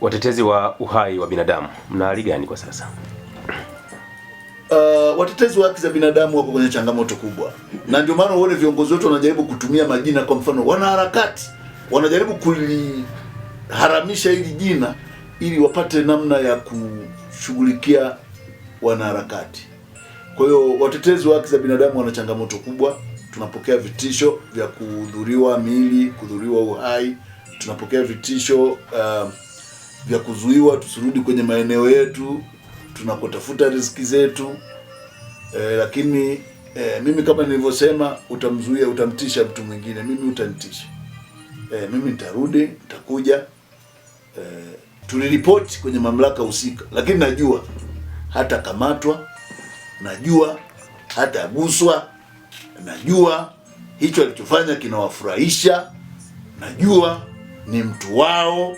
watetezi wa uhai wa binadamu mna hali gani kwa sasa? Uh, watetezi wa haki za binadamu wako kwenye changamoto kubwa, na ndio maana uone viongozi wetu wanajaribu kutumia majina. Kwa mfano, wanaharakati wanajaribu kuliharamisha hili jina ili wapate namna ya kushughulikia wanaharakati. Kwa hiyo watetezi wa haki za binadamu wana changamoto kubwa. Tunapokea vitisho vya kudhuriwa mili kudhuriwa uhai, tunapokea vitisho uh, vya kuzuiwa tusirudi kwenye maeneo yetu tunakotafuta riziki zetu e, lakini e, mimi kama nilivyosema, utamzuia utamtisha mtu mwingine, mimi utanitisha e, eh, mimi nitarudi nitakuja. E, tuliripoti kwenye mamlaka husika, lakini najua hata kamatwa, najua hata aguswa, najua hicho alichofanya kinawafurahisha, najua ni mtu wao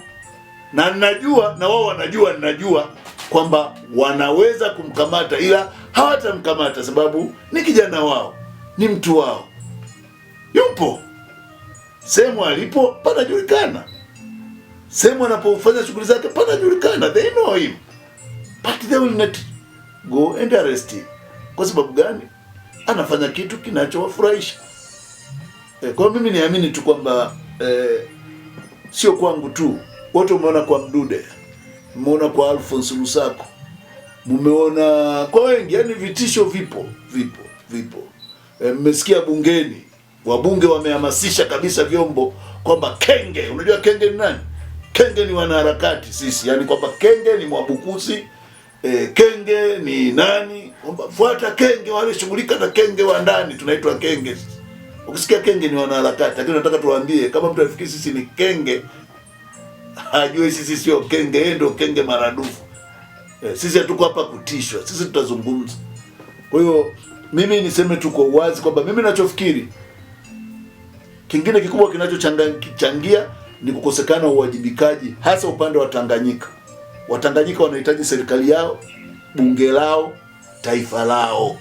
na ninajua na wao wanajua, ninajua kwamba wanaweza kumkamata, ila hawatamkamata sababu ni kijana wao, ni mtu wao, yupo sehemu alipo panajulikana, sehemu anapofanya shughuli zake panajulikana, they know him but they will not go and arrest him. Kwa sababu gani? Anafanya kitu kinachowafurahisha. E, kwa mimi niamini tu kwamba e, sio kwangu tu wote umeona kwa Mdude, mmeona kwa Alphonse Lusako, mmeona kwa wengi. Yani vitisho vipo vipo vipo. E, mmesikia bungeni, wabunge wamehamasisha kabisa vyombo kwamba kenge. Unajua kenge ni nani? Kenge ni wanaharakati sisi, yani kwamba kenge ni Mwabukusi e, kenge ni nani, kwamba fuata kenge, wale shughulika na kenge wa ndani, tunaitwa kenge. Ukisikia kenge ni wanaharakati, lakini nataka tuwaambie, kama mtu afikiri sisi ni kenge hajue sisi sio kenge, yeye ndio kenge maradufu. Eh, sisi hatuko hapa kutishwa, sisi tutazungumza. Kwa hiyo mimi niseme tu kwa uwazi kwamba mimi nachofikiri kingine kikubwa kinachochangia ni kukosekana uwajibikaji hasa upande wa Tanganyika. Watanganyika wanahitaji serikali yao, bunge lao, taifa lao.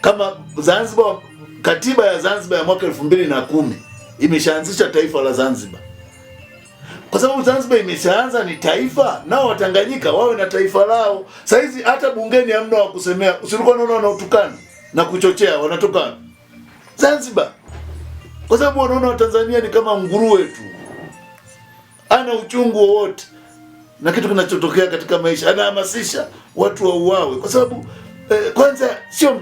Kama Zanzibar, katiba ya Zanzibar ya mwaka elfu mbili na kumi imeshaanzisha taifa la Zanzibar kwa sababu Zanzibar imeshaanza ni taifa, nao Watanganyika wawe na taifa lao. Saizi hata bungeni hamna wa kusemea, usilikuwa unaona wanautukana na kuchochea, wanatukana Zanzibar kwa sababu wanaona Watanzania ni kama nguruwe tu, ana uchungu wowote na kitu kinachotokea katika maisha, anahamasisha watu wauawe kwa sababu kwanza sio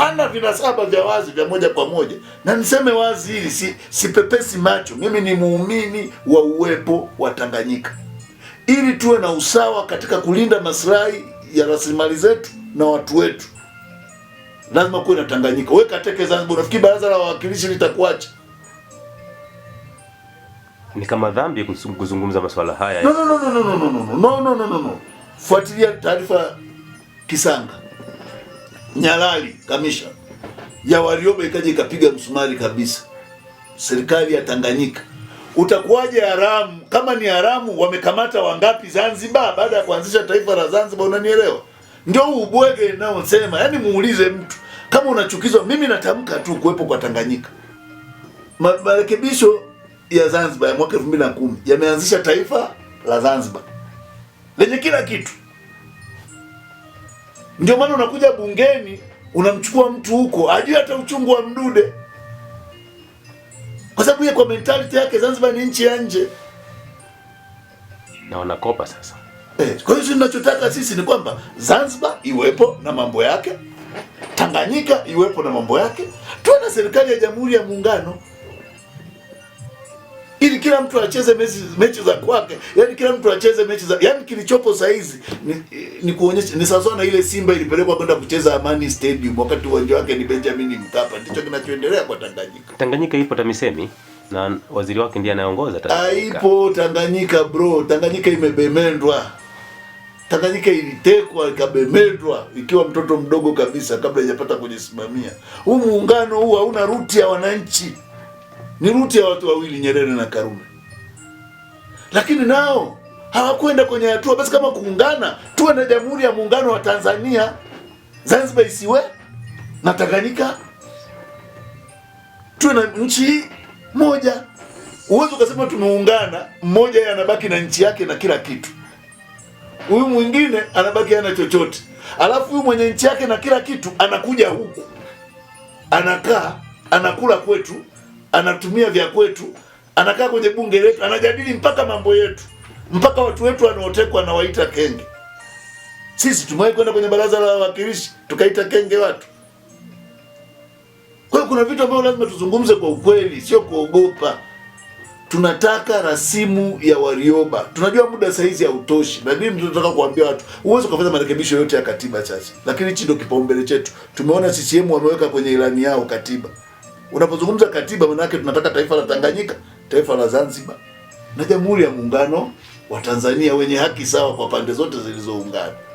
hana vinasaba vya wazi vya moja kwa moja, na niseme wazi hili si, sipepesi macho. Mimi ni muumini wa uwepo wa Tanganyika ili tuwe na usawa katika kulinda maslahi ya rasilimali zetu na watu wetu, lazima kuwe na Tanganyika. Weka teke Zanzibar, unafikiri baraza la wawakilishi litakuacha? Ni kama dhambi kuzungumza masuala haya. No, no, no, no, no, no, no, no, no, no, no, no. Fuatilia taarifa Kisanga, Nyalali, Kamisha ya Warioba ikaja ikapiga msumari kabisa. Serikali ya Tanganyika utakuwaje haramu? Kama ni haramu, wamekamata wangapi Zanzibar baada ya kuanzisha taifa la Zanzibar? Unanielewa? Ndio huu ubwege naosema, Yani muulize mtu kama unachukizwa. Mimi natamka tu kuwepo kwa Tanganyika. Marekebisho ya Zanzibar ya mwaka 2010 yameanzisha taifa la Zanzibar lenye kila kitu. Ndio maana unakuja bungeni unamchukua mtu huko ajui hata uchungu wa mdude, kwa sababu yeye kwa mentality yake Zanzibar ni nchi ya nje na wanakopa sasa. Eh, kwa hiyo tunachotaka sisi ni kwamba Zanzibar iwepo na mambo yake, Tanganyika iwepo na mambo yake, tuwe na serikali ya Jamhuri ya Muungano ili kila mtu acheze mechi, mechi za kwake, yani kila mtu acheze mechi za yani, kilichopo saa hizi ni, ni kuonyesha ni sawa na ile Simba ilipelekwa kwenda kucheza Amani Stadium wakati uwanja wake ni Benjamin Mkapa. Ndicho kinachoendelea kwa Tanganyika. Tanganyika ipo TAMISEMI na waziri wake ndiye anayeongoza Tanganyika. Haipo Tanganyika bro, Tanganyika imebemendwa. Tanganyika ilitekwa ikabemendwa ikiwa mtoto mdogo kabisa kabla haijapata kujisimamia. Huu muungano huu hauna ruti ya wananchi ni ruti ya watu wawili, Nyerere na Karume, lakini nao hawakwenda kwenye hatua. Basi kama kuungana, tuwe na Jamhuri ya Muungano wa Tanzania, Zanzibar isiwe na Tanganyika, tuwe na nchi moja. Uwezo ukasema tumeungana, mmoja anabaki na nchi yake na kila kitu, huyu mwingine anabaki hana chochote, alafu huyu mwenye nchi yake na kila kitu anakuja huku anakaa anakula kwetu anatumia vya kwetu, anakaa kwenye bunge letu, anajadili mpaka mambo yetu, mpaka watu wetu wanaotekwa anawaita kenge. Sisi tumewahi kwenda kwenye baraza la wawakilishi tukaita kenge watu. Kwa hiyo kuna vitu ambavyo lazima tuzungumze kwa ukweli, sio kuogopa. Tunataka rasimu ya Warioba. Tunajua muda saa hizi hautoshi, mimi tunataka kuambia watu, huwezi kufanya marekebisho yote ya katiba chache, lakini hichi ndio kipaumbele chetu. Tumeona CCM wameweka kwenye ilani yao katiba Unapozungumza katiba, manake tunataka taifa la Tanganyika, taifa la Zanzibar na Jamhuri ya Muungano wa Tanzania wenye haki sawa kwa pande zote zilizoungana.